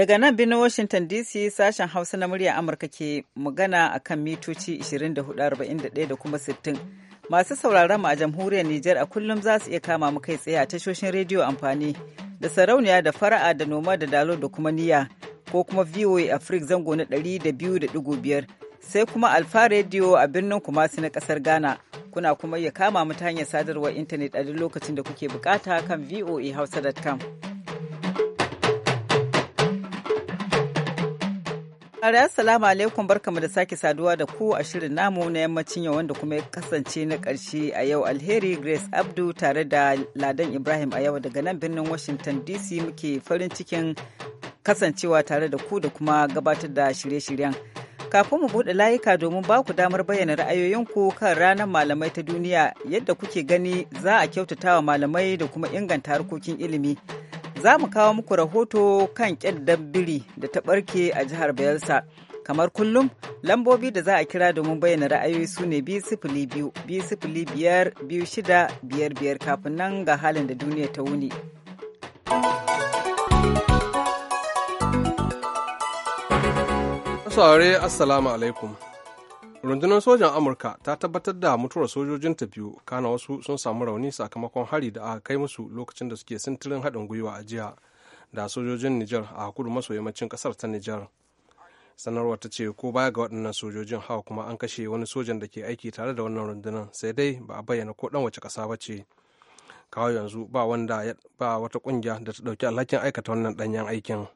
Daga nan birnin Washington DC sashen Hausa na murya Amurka ke magana a kan mitoci 24,41 da kuma 60. Masu sauraron mu a jamhuriyar Nijar a kullum za su iya kama mu kai tsaye a tashoshin rediyo amfani da sarauniya da fara'a da noma da dalo da kuma niya ko kuma VOA Africa zango na 200.5 sai kuma Alfa Radio a birnin Kumasi na kasar Ghana. Kuna kuma iya kama mu ta hanyar sadarwar intanet a duk lokacin da kuke bukata kan voahausa.com. ari salamu alaikum barkamu da sake saduwa da ku a shirin namu na yammacin yau wanda kuma ya kasance na karshe a yau alheri Grace Abdu tare da Ladan Ibrahim a yau daga nan birnin Washington DC muke farin cikin kasancewa tare da ku da kuma gabatar da shirye-shiryen. Kafin mu buɗe layuka domin ba ku damar bayyana ra'ayoyinku kan ranar malamai ta duniya yadda kuke gani za a kyautatawa malamai da kuma inganta harkokin ilimi. za mu kawo muku rahoto kan ƙyaddar biri da ta ɓarke a jihar Bayelsa. Kamar kullum, lambobi da za a kira domin bayyana ra'ayoyi su ne biyu biyar biyu shida biyar biyar kafin nan ga halin da duniya ta wuni. Saurare Assalamu alaikum. rundunar sojan amurka ta tabbatar da mutuwar sojojin ta biyu kana wasu sun samu rauni sakamakon hari da aka kai musu lokacin da suke sintirin haɗin gwiwa a jiya da sojojin nijar a kudu maso yammacin ƙasar ta nijar sanarwar ta ce ko baya ga waɗannan sojojin hawa kuma an kashe wani sojan da ke aiki tare da wannan rundunar sai dai ba a bayyana ko ɗan wace ƙasa ba ce kawo yanzu ba wanda ba wata ƙungiya da ta ɗauki alhakin aikata wannan ɗanyen aikin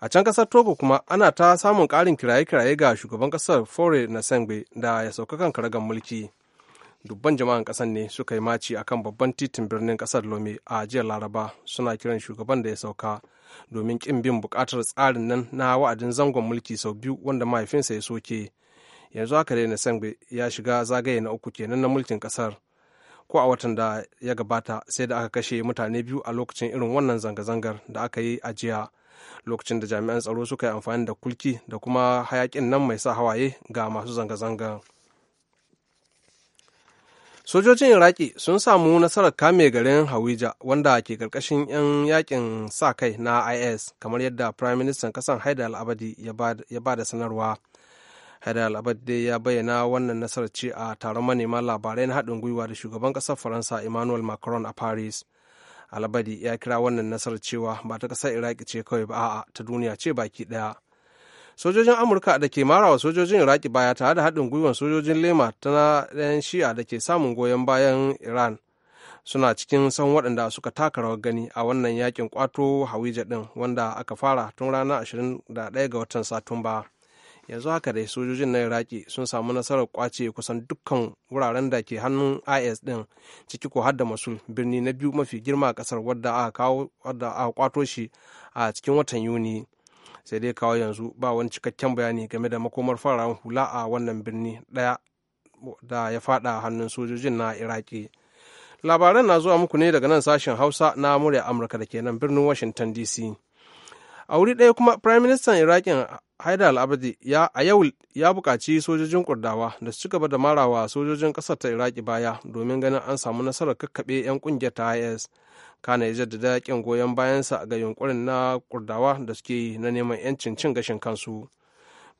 a can kasar togo kuma ana ta samun karin kiraye-kiraye ga shugaban kasar fore na sangbe da ya sauka kan karagar mulki dubban jama'an kasar ne suka yi maci akan babban titin birnin kasar lome a jiya laraba suna kiran shugaban da ya sauka domin kin bin bukatar tsarin nan na wa'adin zangon mulki sau biyu wanda mahaifinsa ya soke yanzu haka dai na sangbe ya shiga zagaye na uku kenan na mulkin kasar ko a watan da ya gabata sai da aka kashe mutane biyu a lokacin irin wannan zanga-zangar da aka yi a jiya lokacin da jami'an tsaro suka yi amfani da kulki da kuma hayakin nan mai sa hawaye ga masu zanga zanga sojojin iraki sun samu nasarar kame garin hawija wanda ke karkashin 'yan yakin sa kai na is kamar yadda prime minister kasan haidar al'abadi ya ba da sanarwa haidar al'abadi ya bayyana wannan nasarar ce a taron manema labarai na haɗin gwiwa da shugaban ƙasar faransa emmanuel macron a paris alabadi ya kira wannan nasarar cewa ba ta ƙasar iraki ce kawai ba a'a ta duniya ce baki ɗaya sojojin amurka da ke marawa sojojin iraki baya tare da haɗin gwiwar sojojin lema ta ɗayan shi'a da ke samun goyon bayan iran suna cikin san waɗanda suka taka rawar gani a wannan yakin kwato hawija ɗin wanda aka fara tun ranar 21 ga watan satumba yanzu haka dai sojojin na iraki sun samu nasarar kwace kusan dukkan wuraren da ke hannun is din ciki ko har da masul birni na biyu mafi girma a kasar wadda aka kwato shi a cikin watan yuni sai dai kawo yanzu ba wani cikakken bayani game da makomar fararen hula a wannan birni daya da ya fada hannun sojojin na iraki labaran na zuwa muku ne daga nan sashen hausa na murya amurka da kenan birnin washington dc a wuri ɗaya kuma prime minister irakin haidar al'abadi a yau ya buƙaci sojojin kurdawa da su ci gaba da marawa sojojin ƙasar ta iraki baya domin ganin an samu nasarar kakkaɓe 'yan ƙungiyar ta is kana ya jaddada yakin goyon bayansa ga yunkurin na kurdawa da suke yi na neman 'yancin cin gashin kansu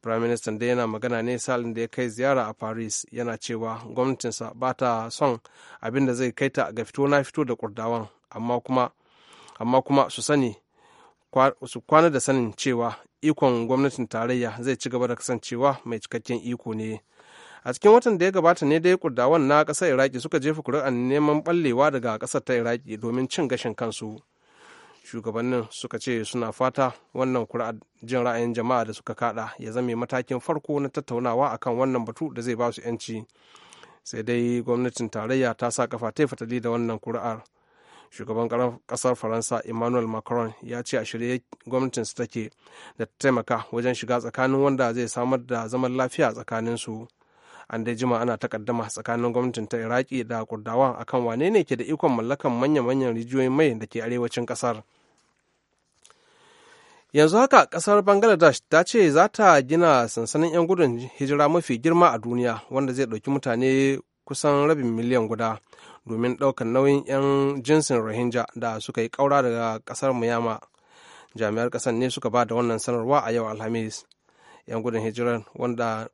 prime minister da yana magana ne salin da ya kai ziyara a paris yana cewa gwamnatinsa ba ta son abin da zai kai ta ga fito na fito da kurdawan amma kuma su sani su kwana da sanin cewa ikon gwamnatin tarayya zai ci gaba da kasancewa mai cikakken iko ne a cikin watan da ya gabata ne dai kurdawan na ƙasar iraki suka jefa kuri'an neman ɓallewa daga ƙasar ta iraki domin cin gashin kansu shugabannin suka ce suna fata wannan kuri'ar jin ra'ayin jama'a da suka kada ya zame matakin farko na tattaunawa akan wannan batu da zai ba su 'yanci sai dai gwamnatin tarayya ta sa kafa taifa da wannan kuri'ar shugaban kasar faransa emmanuel macron ya ce a shirye gwamnatinsu take da taimaka wajen shiga tsakanin wanda zai samar da zaman lafiya tsakaninsu an dai jima ana takaddama tsakanin gwamnatin ta iraki da kurdawa akan wane ne ke da ikon mallakan manya-manyan rijiyoyin mai da ke arewacin kasar yanzu haka kasar bangladesh ta ce za ta gina sansanin 'yan gudun hijira mafi girma a duniya wanda zai ɗauki mutane kusan rabin miliyan guda domin ɗaukar nauyin 'yan jinsin rohingya da suka yi ƙaura daga ƙasar muyama jami'ar ƙasar ne suka ba da wannan sanarwa a yau alhamis 'yan gudun hijira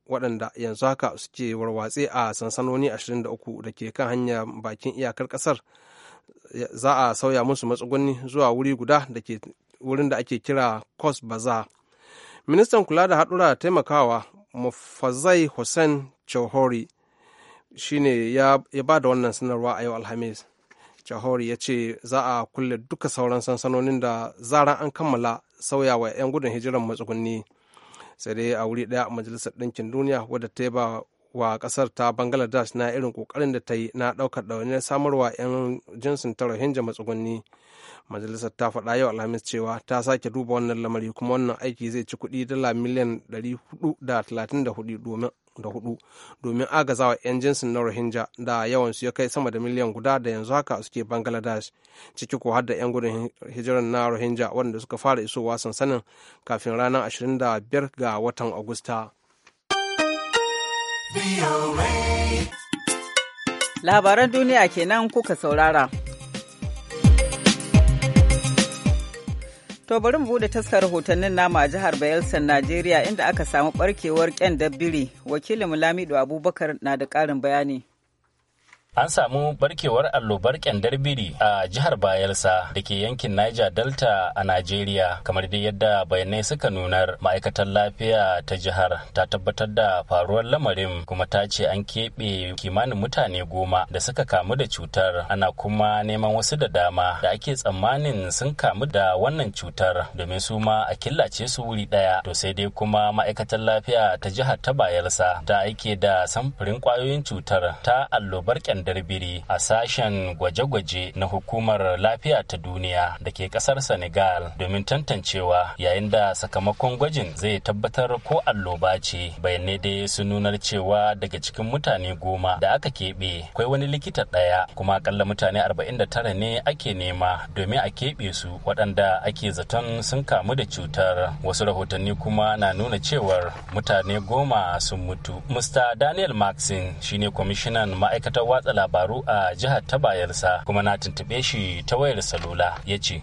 waɗanda yanzu haka suke warwatse a sansanoni 23 da ke kan hanya bakin iyakar ƙasar za a sauya musu matsuguni zuwa wuri guda da ke wurin da ake kira cos baza. Ministan kula da haɗura taimakawa mufazai Hussein Chauhori shine ya ba da wannan sanarwa a yau alhamis jahori ya ce za a kulle duka sauran sansanonin da zaran an kammala sauyawa 'yan gudun hijiran matsugunni sai dai a wuri daya majalisar ɗinkin duniya wadda ta ba wa kasar ta bangladesh na irin kokarin da ta yi na daukar wani samarwa 'yan jinsin ta rohingya matsugunni majalisar ta faɗa yau alhamis cewa ta sake duba wannan lamari kuma wannan aiki zai ci kuɗi dala miliyan 434 domin da hudu domin agazawa 'yan jinsin na rohingya da yawansu ya kai sama da miliyan guda da yanzu haka suke bangladesh ciki ko har da 'yan gudun hijiran na rohingya waɗanda suka fara isowa sansanin kafin ranar 25 ga watan agusta labaran duniya kenan kuka saurara To bari mu bude taskar rahotannin nama a jihar Bayelsan, Najeriya inda aka samu barkewar kyan dabbiri. Wakilin Lamido Abubakar na da ƙarin bayani. An samu barkewar allobar kyandar biri a jihar Bayelsa da ke yankin Niger Delta a Najeriya kamar dai yadda bayanai suka nunar ma'aikatar lafiya ta jihar ta tabbatar da faruwar lamarin kuma ta ce an keɓe kimanin mutane goma da suka kamu da cutar ana kuma neman wasu da dama da ake tsammanin sun kamu da wannan cutar domin su ma a killace su wuri ɗaya to sai dai kuma ma'aikatar lafiya ta jihar ta Bayelsa ta aike da samfurin kwayoyin cutar ta allobar kyandar bandar biri a sashen gwaje-gwaje na hukumar lafiya ta duniya da ke kasar senegal domin tantancewa yayin da sakamakon gwajin zai tabbatar ko alloba ce bayanai dai sun nunar cewa daga cikin mutane goma da aka keɓe akwai wani likita ɗaya kuma akalla mutane 49 ne ake nema domin a keɓe su waɗanda ake zaton sun kamu da cutar wasu rahotanni kuma na nuna cewar mutane goma sun mutu mr daniel maxin shine kwamishinan ma'aikatar watsa watsa labaru a jihar ta bayelsa kuma na tuntube shi ta wayar salula ya ce.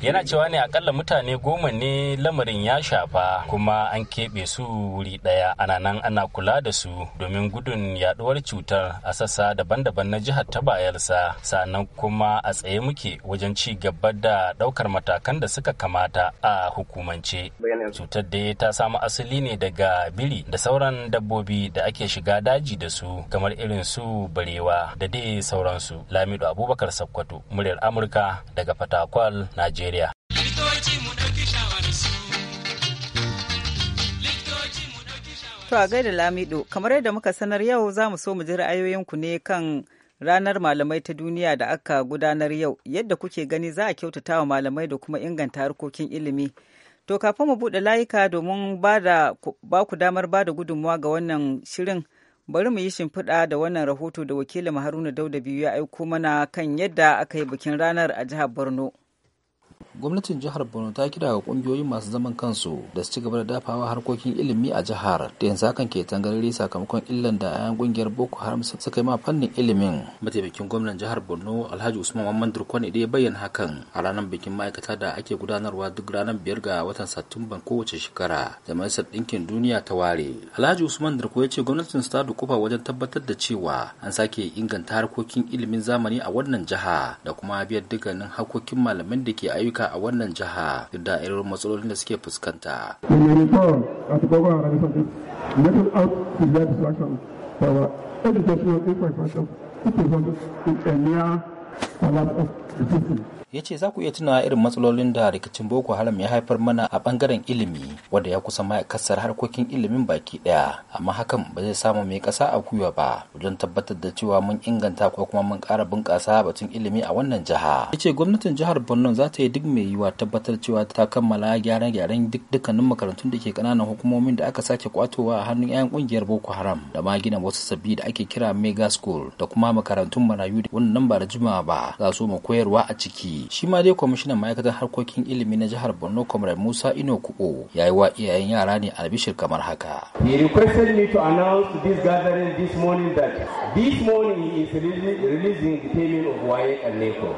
Yana cewa ne akalla mutane goma ne lamarin ya shafa kuma an keɓe su wuri ɗaya ana nan ana kula da su domin gudun yaduwar cutar a sassa daban-daban na jihar ta bayelsa sannan kuma a tsaye muke wajen ci gaba da ɗaukar matakan da suka kamata a hukumance. Cutar dai ta samu asali ne daga biri da sauran dabbobi da ake shiga daji da su kamar irin su barewa da dai sauransu. Lamido Abubakar Sakkwato, muryar Amurka daga Fatakwa. Fatakwal, Najeriya. To a gaida Lamido, kamar yadda muka sanar yau za mu so mu ji ra'ayoyinku ne kan ranar malamai ta duniya da aka gudanar yau yadda kuke gani za a kyautata wa malamai da kuma inganta harkokin ilimi. To kafin mu buɗe layuka domin ba ku damar ba da gudunmuwa ga wannan shirin bari mu yi shimfiɗa da wannan rahoto da wakilin Haruna Dauda biyu ya aiko mana kan yadda aka yi bikin ranar a jihar Borno. gwamnatin jihar borno ta kira ga kungiyoyin masu zaman kansu da su ci gaba da dafawa harkokin ilimi a jihar da yanzu hakan ke tangarari sakamakon illan da ayan kungiyar boko haram suka yi ma fannin ilimin mataimakin gwamnan jihar borno alhaji usman mamman durkwani da ya bayyana hakan a ranar bikin ma'aikata da ake gudanarwa duk ranar biyar ga watan satumban kowace shekara da majalisar ɗinkin duniya ta ware alhaji usman durko ya ce gwamnatin su ta dukufa wajen tabbatar da cewa an sake inganta harkokin ilimin zamani a wannan jiha da kuma biyar dukkanin harkokin malaman da ke ayyuka ayyuka a wannan jiha da irin matsalolin da suke fuskanta. Educational infrastructure, it is a near collapse of the system. ya ce za ku iya tunawa irin matsalolin da rikicin boko haram ya haifar mana a bangaren ilimi wanda ya kusa ma kasar harkokin ilimin baki daya amma hakan ba zai samu mai kasa a kuwa ba don tabbatar da cewa mun inganta ko kuma mun kara bunƙasa batun ilimi a wannan jiha ya ce gwamnatin jihar borno za ta yi duk mai yiwa tabbatar cewa ta kammala gyaran gyaran duk dukkanin makarantun da ke kananan hukumomin da aka sake kwatowa a hannun 'yan kungiyar boko haram da ma gina wasu sabbi da ake kira mega school da kuma makarantun marayu da wannan ba da jimawa ba za su mu koyarwa a ciki shi ma dai kwamishinan ma'aikatar harkokin ilimi na jihar borno comrade musa ino kubo ya yi wa iyayen yara ne albishir kamar haka he requested me to announce this gathering this morning that this morning he is releasing the payment of waye and neco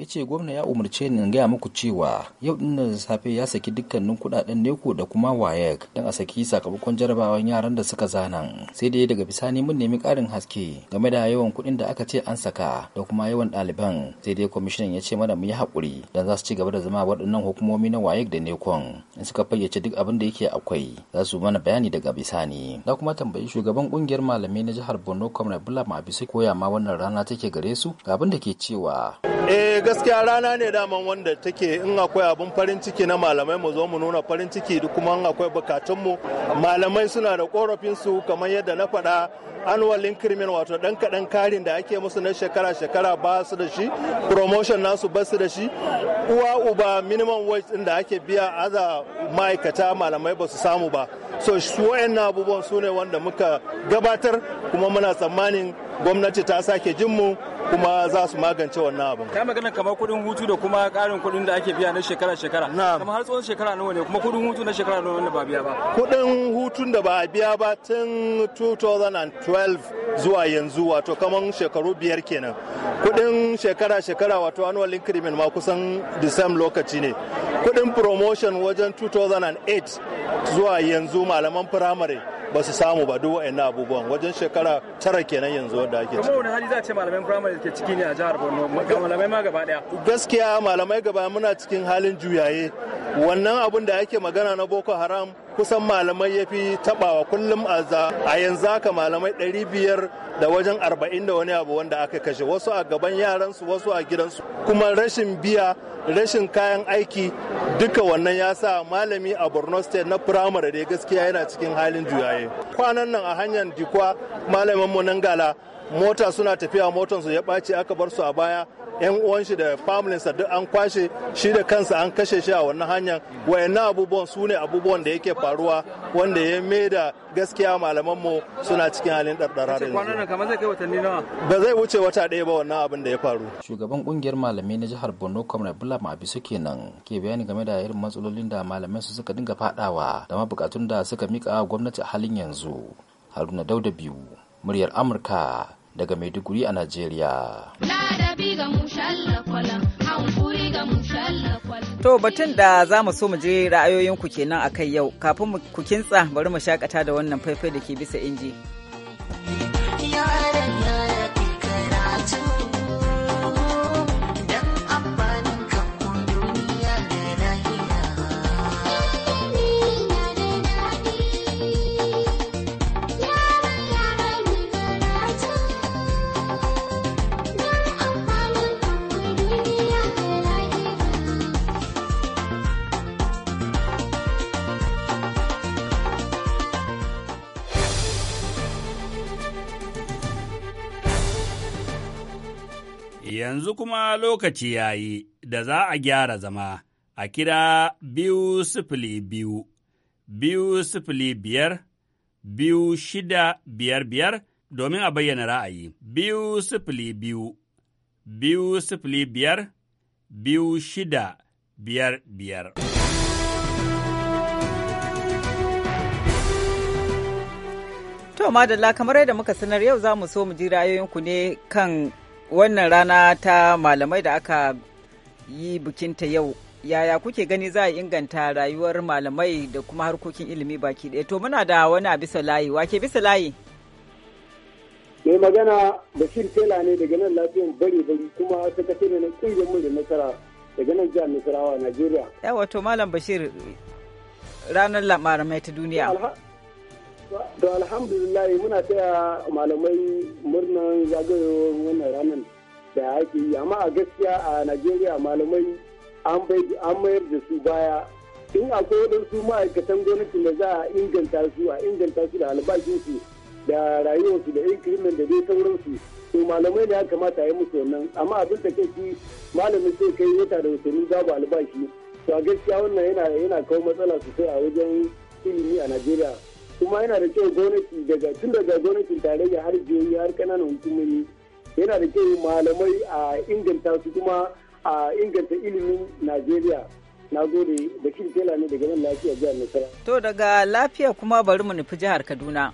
ya ce gwamna ya umarce ni in gaya muku cewa yau din da safe ya saki dukkanin kudaden neko da kuma wayek don a saki sakamakon jarabawan yaran da suka zana sai dai daga bisani mun nemi karin haske game da yawan kuɗin da aka ce an saka da kuma yawan ɗaliban sai dai kwamishinan ya ce mana mu yi haƙuri don za su ci gaba da zama waɗannan hukumomi na wayek da nekon in suka fayyace duk abin da yake akwai za su mana bayani daga bisani na kuma tambayi shugaban kungiyar malamai na jihar borno kwamna bulama ma bisa koya ma wannan rana take gare su ga abin da ke cewa eh, gaskiya rana ne daman wanda take in akwai abin farin ciki na malamai mu zo mu nuna farin ciki kuma in akwai bukatunmu malamai suna da korafin su kamar yadda na faɗa annual increment wato dan kaɗan karin da ake musu na shekara-shekara ba su da shi promotion nasu ba su da shi uwa uba minimum wage din da ake biya aza ma'aikata malamai ba su samu ba so wayannan abubuwan su ne wanda muka gabatar kuma muna tsammanin gwamnati ta sake jin mu kuma za su magance wannan abin ka magana kamar kuɗin hutu da kuma ƙarin kuɗin da ake biya na shekara shekara kamar har tsawon shekara nawa ne kuma kuɗin hutu na shekara nawa ne ba biya ba kuɗin hutun da ba a biya ba tun 2012 zuwa yanzu wato kamar shekaru biyar kenan kuɗin shekara shekara wato annual increment ma kusan the same lokaci ne kuɗin promotion wajen 2008 zuwa yanzu malaman firamare ba su samu ba duk wa'annan abubuwan wajen shekara tara kenan yanzu wanda ake ciki. Kuma wani hali za a ce malamai firamare ke ciki ne a jihar Borno malamai ma gaba daya. Gaskiya malamai gaba muna cikin halin juyaye wannan abun da ake magana na Boko Haram kusan malamai ya fi tabawa kullum a yanzu haka malamai ɗari biyar da wajen arba'in da wani abu wanda aka kashe wasu a gaban yaransu wasu a gidansu kuma rashin biya rashin kayan aiki duka wannan ya sa malami a borno state na firamare da gaskiya yana cikin halin juyaye kwanan nan a hanyar dikwa malamin mu nan gala mota suna tafiya motansu ya ɓaci aka bar su a baya yan uwan shi da familinsa duk an kwashe shi da kansa an kashe shi a wannan hanyar wayannan abubuwan su abubuwan da yake faruwa wanda ya mai da gaskiya malaman suna cikin halin ɗarɗara da yanzu ba zai wuce wata ɗaya ba wannan abin da ya faru shugaban kungiyar malamai na jihar borno comrade bulam abisu kenan ke bayani game da irin matsalolin da malamai su suka dinga fadawa da ma bukatun da suka mika gwamnati a halin yanzu haruna dauda biyu muryar amurka daga maiduguri a najeriya To batun da za mu so mu je ra'ayoyinku kenan a kai yau kafin ku kintsa bari mu shakata da wannan faifai da ke bisa inji. yanzu kuma lokaci ya yi da za a gyara zama a kira biyu sifili biyu, biyu sifili biyar, biyu shida biyar biyar domin a bayyana ra'ayi, biyu sifili biyu, biyu sifili biyar, biyu shida biyar biyar. To madalla kamar yadda muka sanar yau za mu so mu ji ra'ayoyinku ne kan wannan rana ta malamai da aka yi bikinta yau yaya kuke gani za a inganta rayuwar malamai da kuma harkokin ilimi baki ɗaya to muna da wani a bisa layi wake bisa layi mai magana bashir tela ne daga nan lafiyan bari bari kuma sakatare na kungiyar mu da nasara daga nan jihar nasarawa najeriya yawa to malam bashir ranar malamai ta duniya To alhamdulillah muna taya malamai murnan zagayowar wannan ranar da ake yi amma a gaskiya a Najeriya malamai an mayar da su baya in akwai waɗansu ma'aikatan gwamnati da za a inganta su a inganta su da albashinsu da rayuwarsu da increment da dai sauransu to malamai ne ya kamata yi musu wannan amma abin da kai malamin sai kai wata da watanni babu albashi to a gaskiya wannan yana yana kawo matsala sosai a wajen ilimi a Najeriya kuma yana da kyau gwamnati daga tun daga gwamnatin tarayya har jiyoyi har kananan hukumomi yana da kyau malamai a inganta su kuma a inganta ilimin najeriya na gode da tela ne daga nan lafiya jihar nasara to daga lafiya kuma bari mu nufi jihar kaduna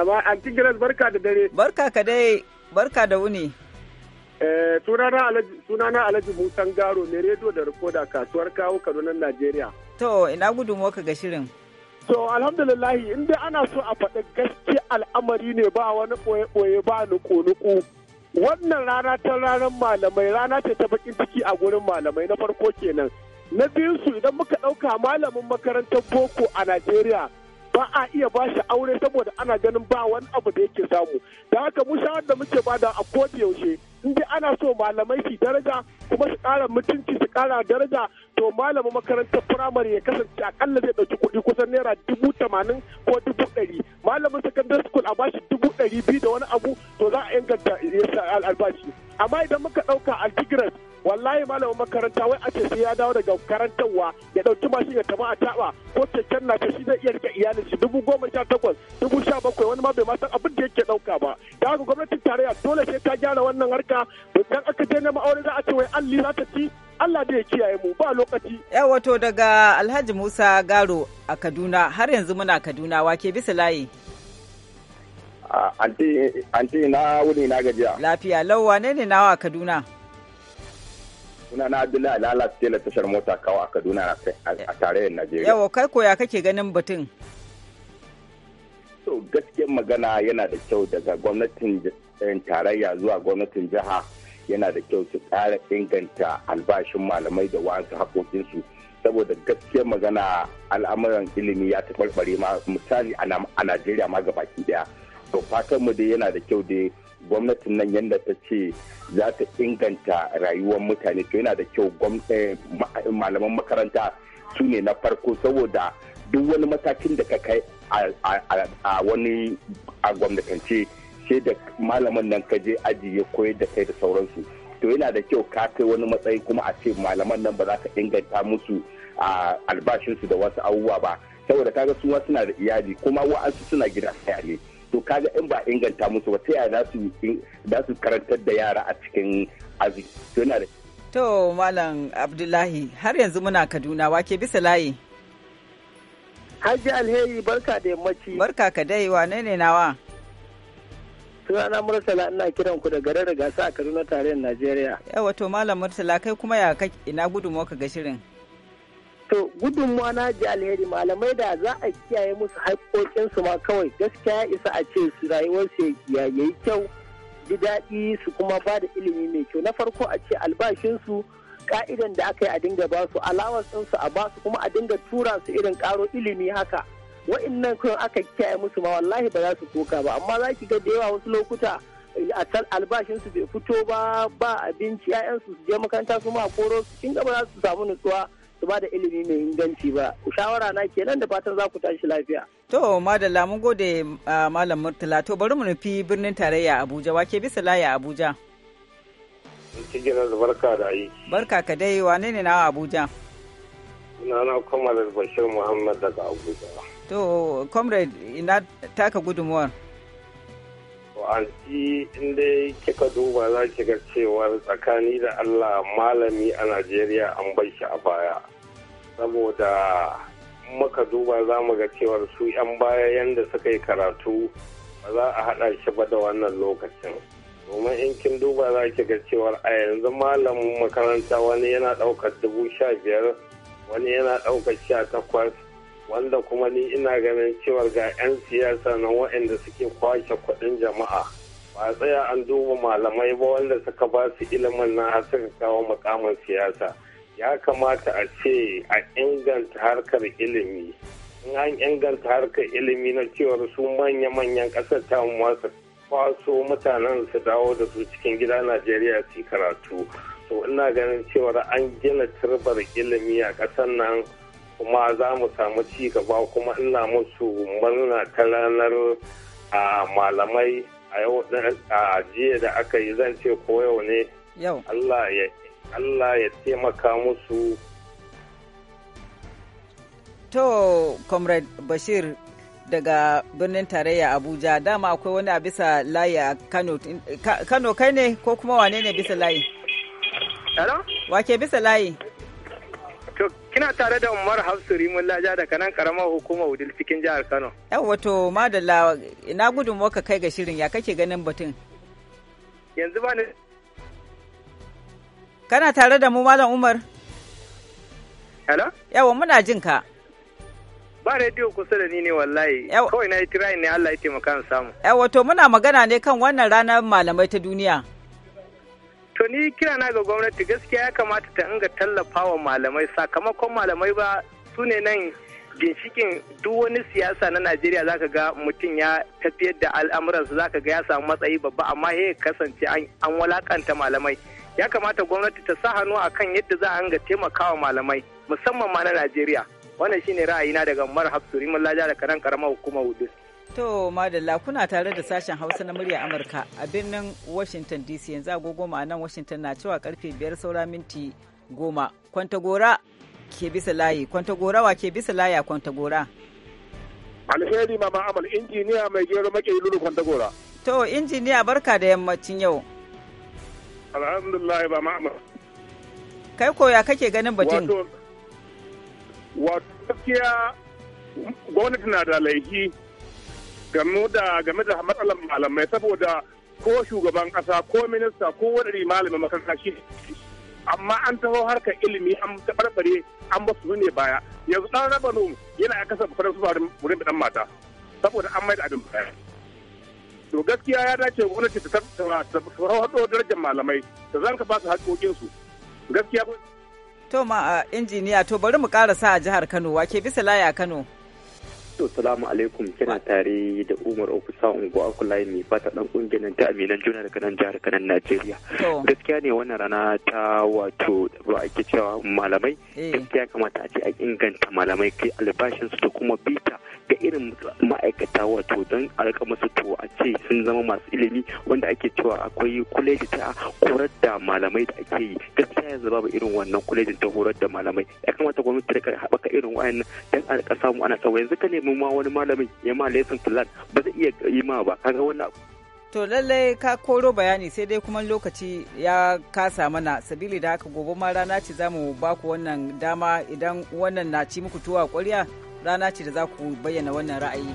amma an kigiras barka da dare barka ka dai barka da wuni eh, sunana alhaji musan garo mai rediyo da rikoda kasuwar kawo kaduna najeriya To ina gudu ka ga shirin. To alhamdulillahi in dai ana so a faɗi gaskiya al'amari ne ba wani ɓoye-ɓoye ba nuku-nuku. Wannan rana ta ranar malamai rana ce ta bakin ciki a gurin malamai na farko kenan. Na biyu su idan muka ɗauka malamin makarantar boko a Najeriya ba a iya ba shi aure saboda ana ganin ba wani abu da yake samu da haka mu shawar da muke bada a koda yaushe in ana so malamai su daraja kuma su ƙara mutunci su kara daraja to malamin makarantar firamare ya kasance akalla zai ɗauki kuɗi kusan naira dubu tamanin ko dubu ɗari malamin sakandare school a bashi dubu ɗari biyu da wani abu to za a inganta albashi. amma idan muka ɗauka tigres wallahi malamin makaranta wai a ce sai ya dawo daga karantarwa ya ɗauki mashin ya tama a taɓa ko keken na ta shi zai iya rike iyalin shi dubu goma sha takwas dubu sha bakwai wani ma bai ma san abin da yake ɗauka ba da haka gwamnatin tarayya dole sai ta gyara wannan harka dan aka je neman aure za a ce wai alli za ta ci Allah da ya kiyaye mu ba lokaci. wato daga Alhaji Musa Garo a Kaduna har yanzu muna Kaduna wake bisa layi. Ah, anti na wuni na gajiya. Lafiya lauwa ne ne nawa Kaduna? Suna na Abdullahi Lala Tela tashar mota kawo a Kaduna a tarayyar Najeriya. Yawa kai koya kake ganin batun? so gaskiyar magana yana da kyau daga gwamnatin eh, tarayya zuwa gwamnatin jiha yana da kyau su ƙara inganta albashin malamai da wasu haƙoƙinsu saboda gaskiyar magana al'amuran ilimi ya taɓarɓare ma misali a Najeriya ma gabaki ɗaya. to mu dai yana da kyau dai gwamnatin nan yadda ta ce za ta inganta rayuwar mutane to yana da kyau eh, malaman makaranta su ne na farko saboda duk wani matakin da ka kai a wani a gwamnatance sai da malaman nan ka je ajiye ya koyar da kai da sauransu to yana da kyau ka kai wani matsayi kuma a ce malaman nan ba za ka inganta musu albashinsu da wasu abubuwa ba saboda kaga su suna da iyali kuma wa'ansu suna gida ne to kaga in ba inganta musu ba ta yaya za su karantar da yara a cikin aji to da to malam abdullahi har yanzu muna kaduna wake bisa layi Hajji Alheri barka da yammaci. Barka ka dai wane ne nawa? sunana murtala ina kiran ku da garin rigasa a kaduna tarayyar najeriya yawa to malam murtala kai kuma ya ina gudunmu ka ga shirin to gudunmuwa na ji alheri malamai da za a kiyaye musu haƙoƙinsu ma kawai gaskiya ya isa a ce su rayuwarsu ya yi kyau ji daɗi su kuma ba da ilimi mai kyau na farko a ce albashinsu ka'idan da aka yi a dinga ba su a ba su kuma a dinga tura su irin karo ilimi haka wa'innan kun aka kiyaye musu ma wallahi ba za su koka ba amma za ki ga da yawa wasu lokuta albashinsu bai fito ba ba abinci 'ya'yansu su je makaranta su ma koro su kin ga ba za su samu nutsuwa su ba da ilimi mai inganci ba shawara na kenan da fatan za ku tashi lafiya to madalla mun gode malam murtala to bari mu nufi birnin tarayya abuja wake bisa laya abuja barka da yi barka ka dai wane ne na abuja sunana da bashir muhammad daga abuja to comrade ina taka gudunmuwar in inda kika duba za ki ga cewar tsakani da allah malami a najeriya an bai shi a baya saboda muka duba za mu ga cewar su 'yan baya yadda suka yi karatu ba za a haɗa shi ba da wannan lokacin domin in kin duba za ki ga cewar a yanzu malamin makaranta wani yana ɗaukar dubu sha biyar wani yana ɗaukar sha takwas wanda kuma ni ina ganin cewar ga 'yan siyasa na waɗanda suke kwashe kuɗin jama'a ba tsaya an duba malamai ba wanda suka ba su ilimin na har suka kawo makamin siyasa ya kamata a ce a inganta harkar ilimi in an inganta harkar ilimi na cewar su manya-manyan ƙasar ta su kwaso mutanen su dawo da su cikin gida najeriya su karatu to ina ganin cewar an gina turbar ilimi a ƙasar nan kuma za mu samu ci gaba kuma ina musu murna ta ranar a malamai a yau a jiya da aka yi zan ce ko yau ne Allah ya taimaka musu To, Comrade Bashir daga birnin tarayya Abuja, dama akwai wani a bisa layi a Kano. Kano kai ne ko kuma wane ne bisa layi? Wake bisa layi? Kina tare da Umar Hafsu Rimun Laja da kanan karamar hukumar Udil cikin jihar Kano. Yan wato madalla ina gudun ka kai ga shirin ya kake ganin batun. Yanzu ba ni. Kana tare da mu Malam Umar? Hello? Yawa muna jin ka. Ba rediyo kusa da ni ne wallahi. Kawai na yi tirayin ne Allah ya taimaka samu. Yawa wato muna magana ne kan wannan ranar malamai ta duniya. to ni kira na ga gwamnati gaskiya ya kamata ta inga tallafawa malamai sakamakon malamai ba su ne nan ginshikin duk wani siyasa na najeriya zaka ga mutum ya tafiyar da al'amuransu zaka ga ya samu matsayi babba amma ya kasance an walakanta malamai ya kamata gwamnati ta sa hannu akan yadda za a inga taimakawa malamai musamman ma na najeriya wannan shine ra'ayina daga marhab surimin laja da karan karamar hukumar hudu To Madalla kuna tare da sashen Hausa na murya Amurka a birnin Washington DC yanzu agogo nan Washington na cewa karfe biyar saura minti goma. Kwantagora ke bisa layi, kwantagora wa ke bisa layi a kwantagora. Alheri mama amal injiniya mai gero make lulu kwantagora. To injiniya barka da yammacin yau. Alhamdulillah ba ma'amal. Kai koya kake ganin batun? Wato, wato gwamnati na da laifi game da matsalar malamai saboda ko shugaban kasa ko minista ko wani malamin makaranta shi amma an taho harkar ilimi an tabarbare an basu ne baya yanzu dan rabano yana ya kasa fara su wurin dan mata saboda an maida abin baya to gaskiya ya dace gwamnati ta da darajar malamai ta zanka ba su haƙoƙin su gaskiya to ma injiniya to bari mu karasa a jihar Kano wake bisa laya Kano To salamu alaikum kina tare da Umar Okusa Unguwa Akulai mai fata dan kungiyar ta Aminan Juna daga nan jihar Kanan Najeriya. Gaskiya ne wannan rana ta wato ba ake cewa malamai eh. gaskiya kamata a ce a inganta malamai kai albashin su da kuma bita ga irin ma'aikata wato don alka masu to a ce sun zama masu ilimi wanda ake cewa akwai kuleji ta horar da malamai da ake yi gaskiya yanzu babu irin wannan kulejin ta horar da malamai ya kamata gwamnati ta haɓaka irin wa'annan don a samu ana tsawo yanzu ka ne kuma ma wani malamin ya ma lesson plan ba zai iya yi ma ba kaga wannan To lallai ka koro bayani sai dai kuma lokaci ya kasa mana sabili da haka gobe ma rana ce za mu ba ku wannan dama idan wannan na ci muku tuwa kwarya rana ce da za ku bayyana wannan ra'ayi.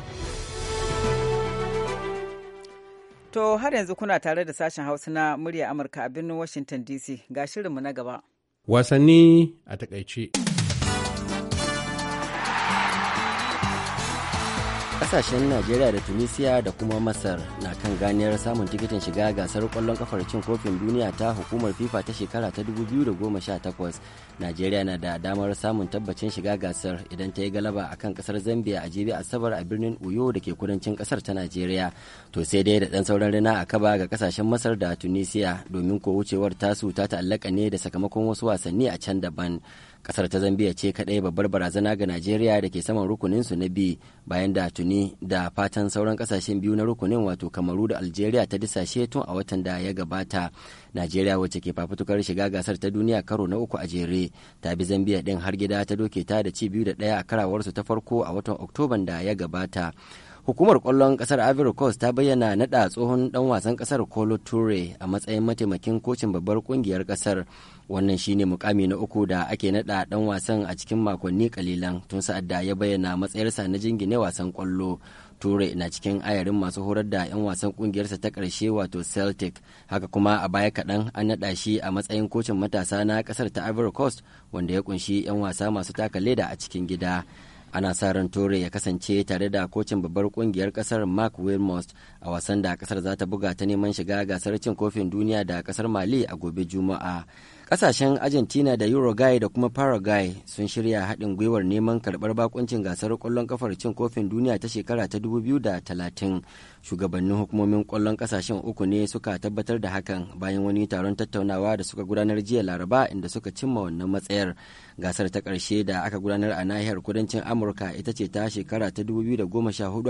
To har yanzu kuna tare da sashen hausa na murya Amurka a birnin Washington DC ga shirinmu na gaba. Wasanni a takaice. kasashen najeriya da tunisia da kuma masar na kan ganiyar samun tikitin shiga gasar kwallon kafar cin kofin duniya ta hukumar fifa ta shekara ta 2018 najeriya na da damar samun tabbacin shiga gasar idan ta yi galaba a kan kasar zambia a jibi asabar a birnin uyo da ke kudancin kasar ta najeriya to sai dai da dan sauran rina a kaba ga kasashen masar da tunisia domin ko wucewar tasu ta ta'allaka ne da sakamakon wasu wasanni a can daban kasar ta zambia ce kadai babbar barazana ga najeriya da ke saman rukunin su na bi bayan da tuni da fatan sauran kasashen biyu na rukunin wato kamaru da algeria ta disashe tun a watan da ya gabata najeriya wacce ke fafutukar shiga gasar ta duniya karo na uku a jere ta bi zambia din har gida ta doke ta da ci biyu da daya a karawarsu ta farko a watan oktoban da ya gabata Hukumar kwallon kasar Ivory Coast ta bayyana nada tsohon dan wasan kasar Kolo ture a matsayin mataimakin kocin babbar kungiyar kasar. Wannan shine mukami na uku da ake nada dan wasan a cikin makonni kalilan tun sa'ad da ya bayyana matsayarsa na jingine wasan kwallo. Ture na cikin ayarin masu horar da 'yan wasan kungiyarsa ta karshe wato Celtic. Haka kuma a baya kaɗan an naɗa shi a matsayin kocin matasa na kasar ta Ivory Coast wanda ya kunshi 'yan wasa masu taka da a cikin gida. ana sa ran tore ya kasance tare da kocin babbar kungiyar kasar mark wilmot a wasan da kasar za ta buga ta neman shiga gasar cin kofin duniya da kasar mali a gobe juma'a kasashen argentina da uruguay da kuma paraguay sun shirya haɗin gwiwar neman karɓar bakuncin gasar kwallon kafar cin kofin duniya ta shekara ta 2030 shugabannin hukumomin kwallon kasashen uku ne suka tabbatar da hakan bayan wani taron tattaunawa da suka gudanar jiya laraba inda suka cimma wannan matsayar gasar ta karshe da aka gudanar a nahiyar kudancin amurka ita ce ta shekara ta 2014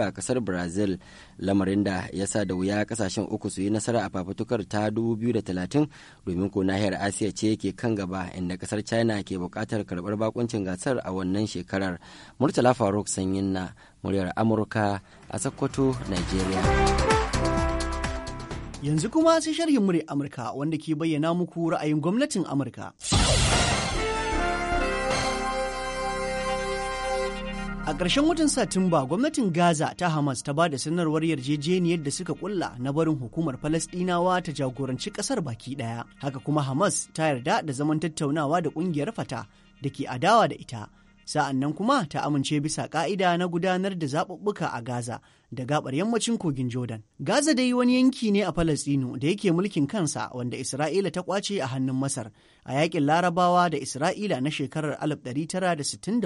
a kasar brazil lamarin da ya sa da wuya kasashen uku su yi nasara a fafutukar ta 2030 domin ko nahiyar asiya ce ke kan gaba inda kasar china ke bukatar karbar bakuncin gasar a wannan shekarar murtala faruk sanyin na muryar amurka a sokoto nigeria yanzu kuma sai sharhin muryar amurka wanda ke bayyana muku ra'ayin gwamnatin amurka A ƙarshen watan Satumba, gwamnatin Gaza ta Hamas ta ba da sanarwar yarjejeniyar da suka kulla na barin hukumar Falasɗinawa ta jagoranci ƙasar baki ɗaya. Haka kuma Hamas ta yarda da zaman tattaunawa da ƙungiyar Fata da ke adawa da ita. sa'an nan kuma ta amince bisa ka'ida na gudanar da zaɓuɓɓuka a Gaza da gabar yammacin kogin Jordan. Gaza dai wani yanki ne a falastinu da yake mulkin kansa wanda Isra'ila ta ƙwace a hannun Masar a yaƙin Larabawa da Isra'ila na shekarar 1967.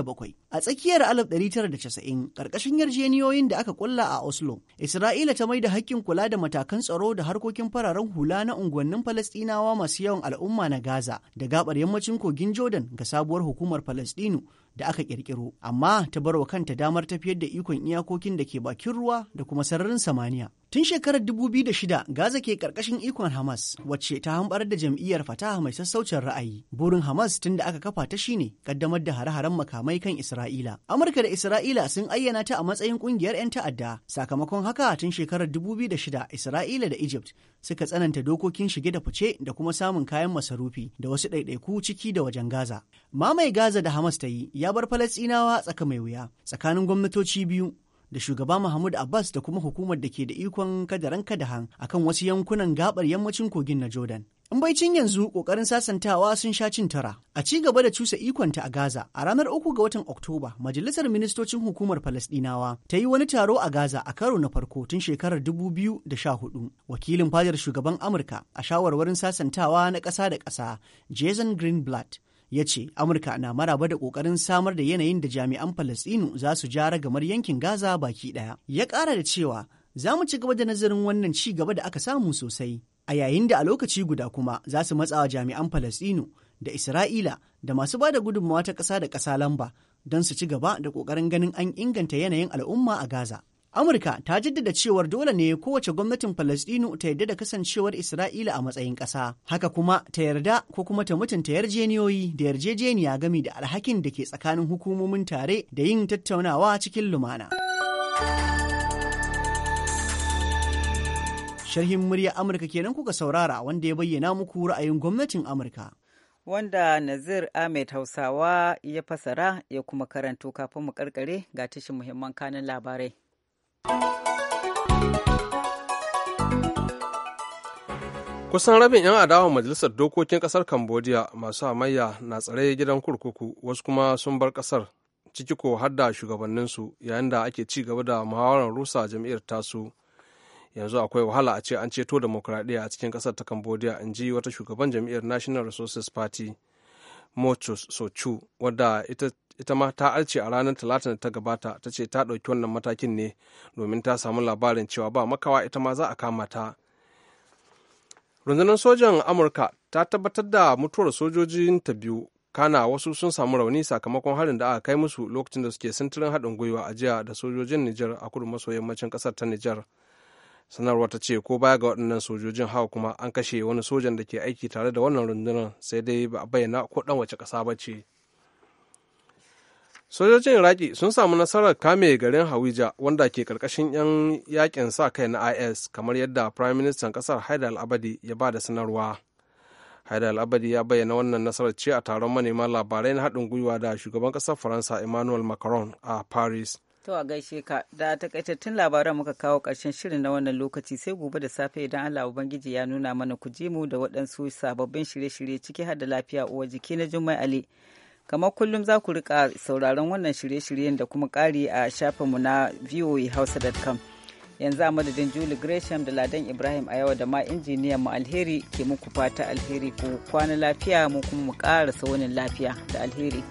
A tsakiyar 1990 ƙarƙashin yarjeniyoyin da aka kulla a Oslo, Isra'ila ta mai da hakkin kula da matakan tsaro da harkokin fararen hula na unguwannin falastinawa masu yawan al'umma na Gaza da gabar yammacin kogin Jordan ga sabuwar hukumar Falasɗinu da aka kirkiro amma ta barwa kanta damar tafiyar da ikon iyakokin da ke bakin ruwa da kuma sararin samaniya Tun shekarar 2006 Gaza ke karkashin ikon Hamas wacce ta hambar da jam'iyyar Fataha mai sassaucin ra'ayi. Burin Hamas tun da aka kafa ta shine kaddamar da hare-haren makamai kan Isra'ila. Amurka da Isra'ila sun ayyana ta a matsayin kungiyar 'yan ta'adda. Sakamakon haka tun shekarar 2006 Isra'ila da Egypt suka tsananta dokokin shige da fice da kuma samun kayan masarufi da wasu ɗaiɗaiku ciki da wajen Gaza. Mamaye Gaza da Hamas ta yi ya bar Falasɗinawa tsaka mai wuya tsakanin gwamnatoci biyu da shugaba Mahmud Abbas da kuma hukumar da ke da ikon kadaran kadahan a kan wasu yankunan gabar yammacin kogin na Jordan. In baicin yanzu kokarin sasantawa sun sha cin tara. A ci gaba da cusa ikonta a Gaza a ranar uku ga watan Oktoba, Majalisar Ministocin Hukumar Falasdinawa ta yi wani taro a Gaza a karo na farko tun shekarar 2014. Wakilin fadar shugaban Amurka a shawarwarin sasantawa na ƙasa da ƙasa, Jason Greenblatt, ya ce amurka na maraba da ƙoƙarin samar da yanayin da jami'an falastinu za su jara gamar yankin gaza baki ɗaya ya ƙara da cewa za mu ci gaba da nazarin wannan ci gaba da aka samu sosai a yayin da a lokaci guda kuma za su matsawa jami'an falastinu da isra'ila da masu ba da gudunmawa ta ƙasa da ƙasa lamba don su ci gaba da ƙoƙarin ganin an inganta yanayin al'umma a gaza Amurka ta jaddada cewar dole ne kowace gwamnatin Falasɗinu ta yarda da kasancewar Isra'ila a matsayin ƙasa, haka kuma ta yarda ko kuma ta mutunta yarjeniyoyi da yarjejeniya gami da alhakin da ke tsakanin hukumomin tare da yin tattaunawa cikin lumana. Sharhin murya Amurka kenan kuka saurara wanda ya bayyana muku ra'ayin gwamnatin Amurka. Wanda Nazir Ahmed Hausawa ya fasara ya kuma karanto kafin mu karkare ga tashin muhimman kanin labarai. kusan rabin 'yan adawa majalisar dokokin kasar cambodia masu amayya na tsare gidan kurkuku wasu kuma sun bar kasar ciki ko har da shugabanninsu yayin da ake ci gaba da muhawarar rusa jam'iyyar tasu yanzu akwai wahala a ce an ceto demokuraɗiyya a cikin kasar ta cambodia in ji wata shugaban jam'iyyar national resources party mochus sochu wadda ita ita ma ta arce a ranar talatin da ta gabata ta ce ta ɗauki wannan matakin ne domin ta samu labarin cewa ba makawa ita ma za a kama ta rundunar sojan amurka ta tabbatar da mutuwar sojojin ta biyu kana wasu sun samu rauni sakamakon harin da aka kai musu lokacin da suke sintirin haɗin gwiwa a jiya da sojojin nijar a kudu maso yammacin kasar ta nijar sanarwa ta ce ko baya ga waɗannan sojojin hawa kuma an kashe wani sojan da ke aiki tare da wannan rundunar sai dai ba a bayyana ko ɗan wace ƙasa ba ce. sojojin iraki sun samu nasarar kame garin hawija wanda ke karkashin yan yakin sa kai na is kamar yadda prime minister kasar haidar al'abadi ya ba da sanarwa haidar al'abadi ya bayyana wannan nasarar ce a taron manema labarai na haɗin gwiwa da shugaban kasar faransa emmanuel macron a paris To a gaishe ka da takaitattun labaran muka kawo karshen shirin na wannan lokaci sai gobe da safe idan Allah Ubangiji ya nuna mana ku mu da waɗansu sababbin shirye-shirye ciki har da lafiya uwa jiki na Jummai Ali. kamar kullum za ku rika sauraron wannan shirye-shiryen da kuma ƙari a shafinmu na voahausa.com yanzu a madadin julie gresham da ladan ibrahim a yawa da ma injiniyan mu alheri ke muku fata alheri ku kwana lafiya mu kuma mu ƙara saunin lafiya da alheri